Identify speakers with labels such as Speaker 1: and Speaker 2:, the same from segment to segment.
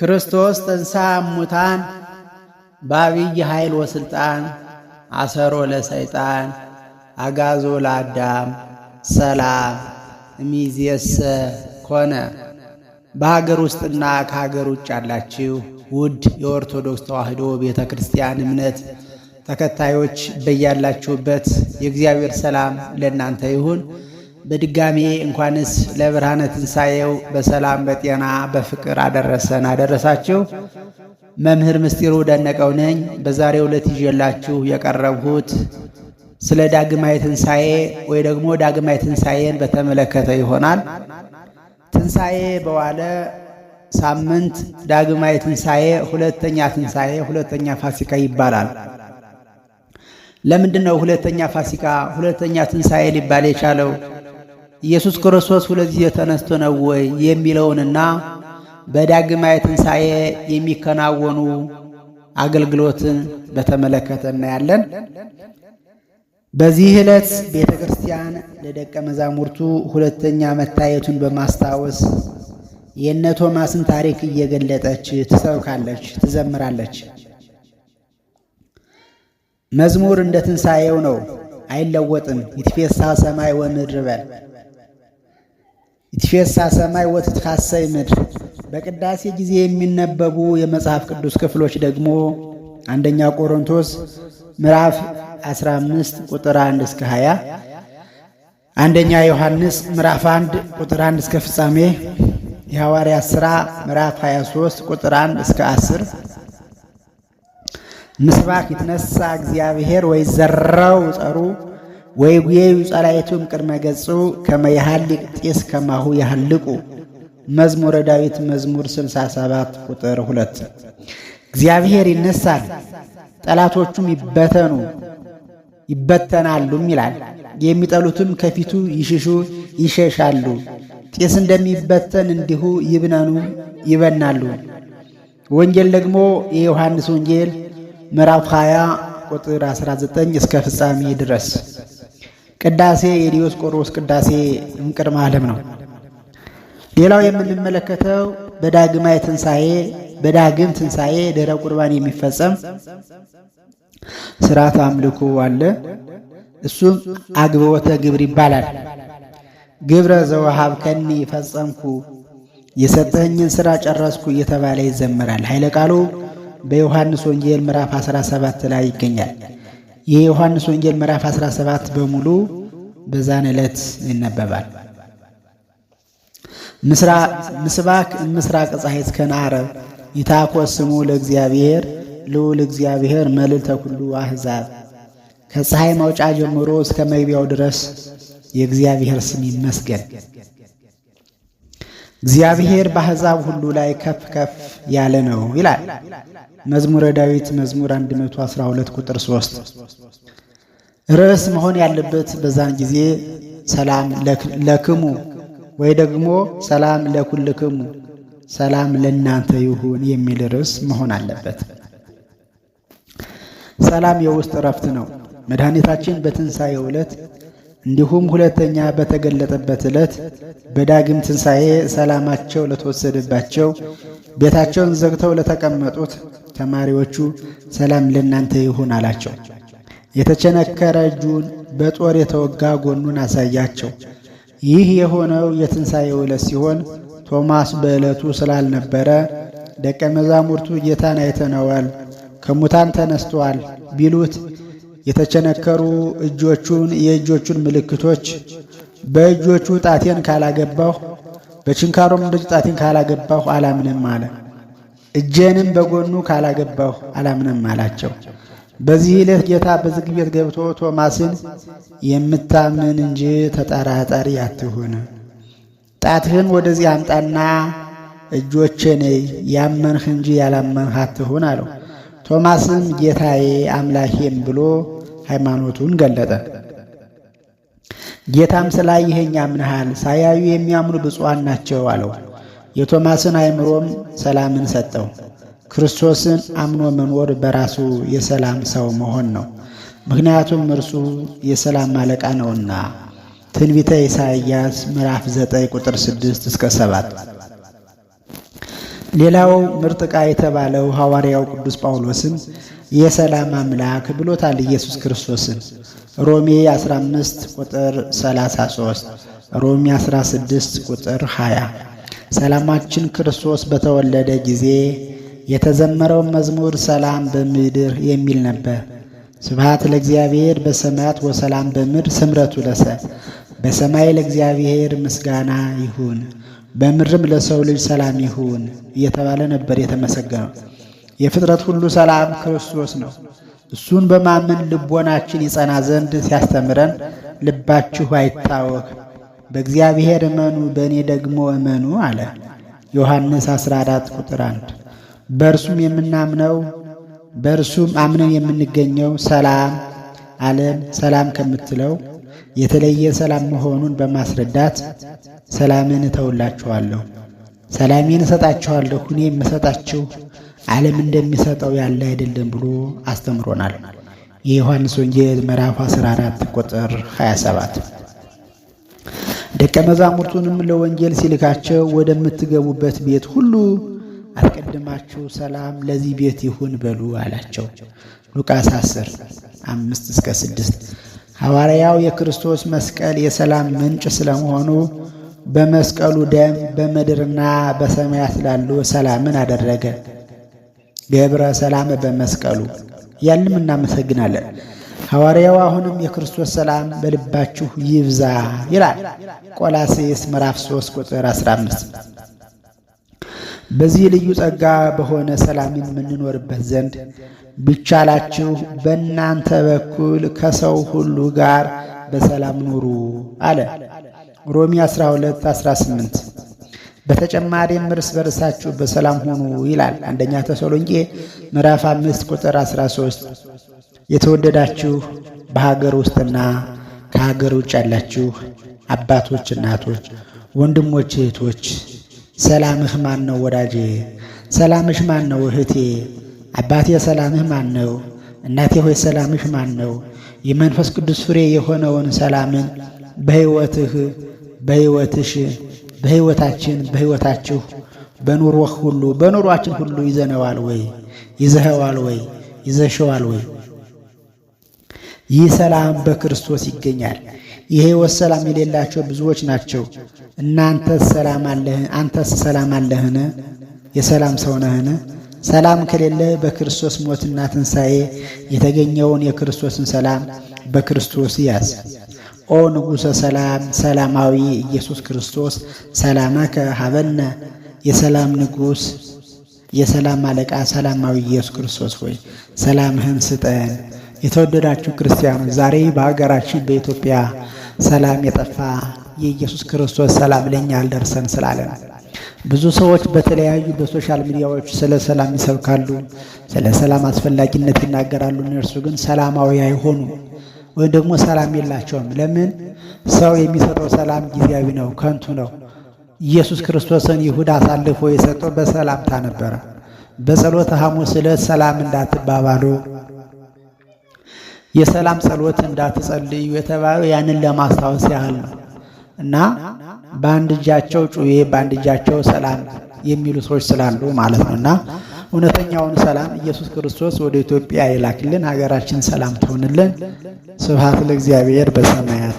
Speaker 1: ክርስቶስ ተንሥአ እሙታን በአብይ ኃይል ወስልጣን አሰሮ ለሰይጣን አጋዞ ለአዳም ሰላም እሚዝየሰ ኮነ። በሀገር ውስጥና ከሀገር ውጭ ያላችሁ ውድ የኦርቶዶክስ ተዋሕዶ ቤተ ክርስቲያን እምነት ተከታዮች በያላችሁበት የእግዚአብሔር ሰላም ለእናንተ ይሁን። በድጋሜ እንኳንስ ለብርሃነ ትንሣኤው በሰላም በጤና በፍቅር አደረሰን አደረሳችሁ። መምህር ምስጢሩ ደነቀው ነኝ። በዛሬ ዕለት ይዤላችሁ የቀረብሁት ስለ ዳግማ ትንሣኤ ወይ ደግሞ ዳግማዊ ትንሣኤን በተመለከተ ይሆናል። ትንሣኤ በዋለ ሳምንት ዳግማ ትንሣኤ፣ ሁለተኛ ትንሣኤ፣ ሁለተኛ ፋሲካ ይባላል። ለምንድን ነው ሁለተኛ ፋሲካ፣ ሁለተኛ ትንሣኤ ሊባል የቻለው? ኢየሱስ ክርስቶስ ሁለዚህ ተነስቶ ነው ወይ የሚለውንና በዳግማዊ ትንሣኤ የሚከናወኑ አገልግሎትን በተመለከተ እናያለን። በዚህ ዕለት ቤተ ክርስቲያን ለደቀ መዛሙርቱ ሁለተኛ መታየቱን በማስታወስ የነ ቶማስን ታሪክ እየገለጠች ትሰብካለች፣ ትዘምራለች። መዝሙር እንደ ትንሣኤው ነው፣ አይለወጥም። ይትፌሳ ሰማይ ወምድር በል ይትፌሳ ሰማይ ወትትካሰይ ምድር በቅዳሴ ጊዜ የሚነበቡ የመጽሐፍ ቅዱስ ክፍሎች ደግሞ አንደኛ ቆሮንቶስ ምዕራፍ 15 ቁጥር 1 እስከ 20፣ አንደኛ ዮሐንስ ምዕራፍ 1 ቁጥር 1 እስከ ፍጻሜ፣ የሐዋርያ ሥራ ምዕራፍ 23 ቁጥር 1 እስከ 10 ምስባክ ይትነሳ እግዚአብሔር ወይ ጸሩ ወይጉየዩ ጸላይቱን ቅድመ ገጹ ከመያሃልቅ ጢስ ከማሁ ያሃልቁ መዝሙረ ዳዊት መዝሙር 67 ቁጥር 2 እግዚአብሔር ይነሳል ጠላቶቹም ይበተኑ ይበተናሉም ይላል። የሚጠሉትም ከፊቱ ይሽሹ ይሸሻሉ። ጢስ እንደሚበተን እንዲሁ ይብነኑ ይበናሉ። ወንጌል ደግሞ የዮሐንስ ወንጌል ምዕራፍ 20 ቁጥር 19 እስከ ፍጻሜ ድረስ ቅዳሴ የዲዮስቆሮስ ቅዳሴ እምቅድመ ዓለም ነው። ሌላው የምንመለከተው በዳግማይ ትንሣኤ በዳግም ትንሣኤ ድኅረ ቁርባን የሚፈጸም ስርዓት አምልኮ አለ። እሱም አግብኦተ ግብር ይባላል። ግብረ ዘውሃብ ከኒ ፈጸምኩ የሰጠኝን ሥራ ጨረስኩ እየተባለ ይዘመራል። ኃይለ ቃሉ በዮሐንስ ወንጌል ምዕራፍ 17 ላይ ይገኛል። የዮሐንስ ወንጌል ምዕራፍ 17 በሙሉ በዛን ዕለት ይነበባል። ምስባክ ምስራቅ ፀሐይ እስከናረ ይታኮስ ስሙ ለእግዚአብሔር ልዑል እግዚአብሔር መልዕልተ ኩሉ አሕዛብ። ከፀሐይ መውጫ ጀምሮ እስከ መግቢያው ድረስ የእግዚአብሔር ስም ይመስገን። እግዚአብሔር በአሕዛብ ሁሉ ላይ ከፍ ከፍ ያለ ነው ይላል መዝሙረ ዳዊት መዝሙር 112 ቁጥር 3። ርዕስ መሆን ያለበት በዛን ጊዜ ሰላም ለክሙ ወይ ደግሞ ሰላም ለኩልክሙ ሰላም ለእናንተ ይሁን የሚል ርዕስ መሆን አለበት። ሰላም የውስጥ እረፍት ነው። መድኃኒታችን በትንሣኤ ዕለት እንዲሁም ሁለተኛ በተገለጠበት ዕለት በዳግም ትንሣኤ ሰላማቸው ለተወሰደባቸው ቤታቸውን ዘግተው ለተቀመጡት ተማሪዎቹ ሰላም ለእናንተ ይሁን አላቸው። የተቸነከረ እጁን በጦር የተወጋ ጎኑን አሳያቸው። ይህ የሆነው የትንሣኤው ዕለት ሲሆን ቶማስ በዕለቱ ስላልነበረ ደቀ መዛሙርቱ ጌታን አይተነዋል፣ ከሙታን ተነስተዋል ቢሉት የተቸነከሩ እጆቹን የእጆቹን ምልክቶች በእጆቹ ጣቴን ካላገባሁ በችንካሮም ልጅ ጣቴን ካላገባሁ አላምንም አለ። እጄንም በጎኑ ካላገባሁ አላምንም አላቸው። በዚህ ዕለት ጌታ በዝግ ቤት ገብቶ ቶማስን የምታምን እንጂ ተጠራጣሪ አትሁን፣ ጣትህን ወደዚህ አምጣና እጆቼ ነይ፣ ያመንህ እንጂ ያላመንህ አትሁን አለው። ቶማስም ጌታዬ አምላኬም ብሎ ሃይማኖቱን ገለጠ። ጌታም ስላ ይህን ያምንሃል፣ ሳያዩ የሚያምኑ ብፁዓን ናቸው አለው። የቶማስን አእምሮም ሰላምን ሰጠው። ክርስቶስን አምኖ መኖር በራሱ የሰላም ሰው መሆን ነው። ምክንያቱም እርሱ የሰላም አለቃ ነውና። ትንቢተ ኢሳይያስ ምዕራፍ 9 ቁጥር 6 እስከ 7። ሌላው ምርጥ ዕቃ የተባለው ሐዋርያው ቅዱስ ጳውሎስን የሰላም አምላክ ብሎታል ኢየሱስ ክርስቶስን። ሮሜ 15 ቁጥር 33፣ ሮሜ 16 ቁጥር 20። ሰላማችን ክርስቶስ በተወለደ ጊዜ የተዘመረው መዝሙር ሰላም በምድር የሚል ነበር። ስብሐት ለእግዚአብሔር በሰማያት ወሰላም በምድር ስምረቱ ለሰ በሰማይ ለእግዚአብሔር ምስጋና ይሁን በምድርም ለሰው ልጅ ሰላም ይሁን እየተባለ ነበር የተመሰገነው። የፍጥረት ሁሉ ሰላም ክርስቶስ ነው። እሱን በማመን ልቦናችን ይጸና ዘንድ ሲያስተምረን ልባችሁ አይታወክ፣ በእግዚአብሔር እመኑ፣ በእኔ ደግሞ እመኑ አለ። ዮሐንስ 14 ቁጥር 1 በእርሱም የምናምነው በእርሱም አምነን የምንገኘው ሰላም ዓለም ሰላም ከምትለው የተለየ ሰላም መሆኑን በማስረዳት ሰላምን እተውላችኋለሁ፣ ሰላሜን እሰጣችኋለሁ፣ እኔ የምሰጣችሁ ዓለም እንደሚሰጠው ያለ አይደለም ብሎ አስተምሮናል። የዮሐንስ ወንጌል ምዕራፍ 14 ቁጥር 27። ደቀ መዛሙርቱንም ለወንጌል ሲልካቸው ወደምትገቡበት ቤት ሁሉ አስቀድማችሁ ሰላም ለዚህ ቤት ይሁን በሉ አላቸው። ሉቃስ 10 5 እስከ 6 ሐዋርያው የክርስቶስ መስቀል የሰላም ምንጭ ስለመሆኑ በመስቀሉ ደም በምድርና በሰማያት ላሉ ሰላምን አደረገ። ገብረ ሰላም በመስቀሉ ያንም እናመሰግናለን። ሐዋርያው አሁንም የክርስቶስ ሰላም በልባችሁ ይብዛ ይላል። ቆላሴስ ምዕራፍ 3 ቁጥር 15። በዚህ ልዩ ጸጋ በሆነ ሰላምን የምንኖርበት ዘንድ ቢቻላችሁ በእናንተ በኩል ከሰው ሁሉ ጋር በሰላም ኑሩ አለ። ሮሚ 12 18 በተጨማሪም እርስ በርሳችሁ በሰላም ሁኑ ይላል። አንደኛ ተሰሎንቄ ምዕራፍ አምስት ቁጥር 13 የተወደዳችሁ በሀገር ውስጥና ከሀገር ውጭ ያላችሁ አባቶች፣ እናቶች፣ ወንድሞች፣ እህቶች ሰላምህ ማን ነው? ወዳጄ ሰላምሽ ማን ነው? እህቴ፣ አባቴ ሰላምህ ማን ነው? እናቴ ሆይ ሰላምሽ ማን ነው? የመንፈስ ቅዱስ ፍሬ የሆነውን ሰላምን በሕይወትህ በሕይወትሽ በህይወታችን በህይወታችሁ በኑሮህ ሁሉ በኑሯችን ሁሉ ይዘነዋል ወይ? ይዘኸዋል ወይ? ይዘሸዋል ወይ? ይህ ሰላም በክርስቶስ ይገኛል። የሕይወት ሰላም የሌላቸው ብዙዎች ናቸው። እናንተስ ሰላም አለህ? አንተስ ሰላም አለህን? የሰላም ሰው ነህን? ሰላም ከሌለ በክርስቶስ ሞትና ትንሣኤ የተገኘውን የክርስቶስን ሰላም በክርስቶስ ያዝ። ኦ ንጉሠ ሰላም ሰላማዊ ኢየሱስ ክርስቶስ ሰላመከ ሀበነ የሰላም ንጉሥ የሰላም አለቃ ሰላማዊ ኢየሱስ ክርስቶስ ሆይ ሰላምህን ስጠን። የተወደዳችሁ ክርስቲያኖች ዛሬ በሀገራችን በኢትዮጵያ ሰላም የጠፋ የኢየሱስ ክርስቶስ ሰላም ለኛ አልደርሰን ስላለን ብዙ ሰዎች በተለያዩ በሶሻል ሚዲያዎች ስለ ሰላም ይሰብካሉ፣ ስለ ሰላም አስፈላጊነት ይናገራሉ። እነርሱ ግን ሰላማዊ አይሆኑም። ወይም ደግሞ ሰላም የላቸውም። ለምን? ሰው የሚሰጠው ሰላም ጊዜያዊ ነው፣ ከንቱ ነው። ኢየሱስ ክርስቶስን ይሁዳ አሳልፎ የሰጠው በሰላምታ ነበረ። በጸሎተ ሐሙስ ዕለት ሰላም እንዳትባባሉ የሰላም ጸሎት እንዳትጸልዩ የተባለው ያንን ለማስታወስ ያህል ነው እና በአንድ እጃቸው ጩቤ በአንድ እጃቸው ሰላም የሚሉ ሰዎች ስላሉ ማለት ነው እና እውነተኛውን ሰላም ኢየሱስ ክርስቶስ ወደ ኢትዮጵያ ይላክልን። ሀገራችን ሰላም ትሆንልን። ስብሐት ለእግዚአብሔር በሰማያት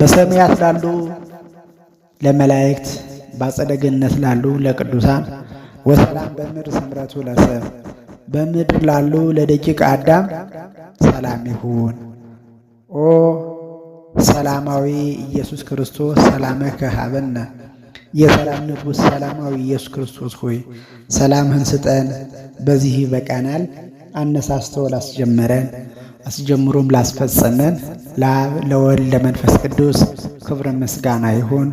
Speaker 1: በሰማያት ላሉ ለመላእክት በአጸደ ገነት ላሉ ለቅዱሳን ወሰላም በምድር ስምረቱ ለሰብ በምድር ላሉ ለደቂቅ አዳም ሰላም ይሁን። ኦ ሰላማዊ ኢየሱስ ክርስቶስ ሰላመከ ሀበነ የሰላም ንጉሥ ሰላማዊ ኢየሱስ ክርስቶስ ሆይ ሰላምህን ስጠን። በዚህ ይበቃናል። አነሳስተው ላስጀመረን አስጀምሮም ላስፈጸመን ለአብ ለወልድ ለመንፈስ ቅዱስ ክብረ ምስጋና ይሁን።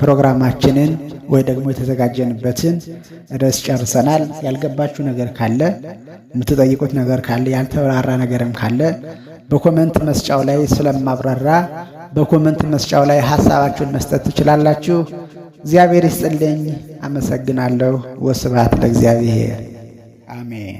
Speaker 1: ፕሮግራማችንን ወይ ደግሞ የተዘጋጀንበትን ርዕስ ጨርሰናል። ያልገባችሁ ነገር ካለ የምትጠይቁት ነገር ካለ ያልተብራራ ነገርም ካለ በኮመንት መስጫው ላይ ስለማብራራ በኮመንት መስጫው ላይ ሀሳባችሁን መስጠት ትችላላችሁ። እግዚአብሔር ይስጥልኝ። አመሰግናለሁ። ወስብሐት ለእግዚአብሔር። አሜን።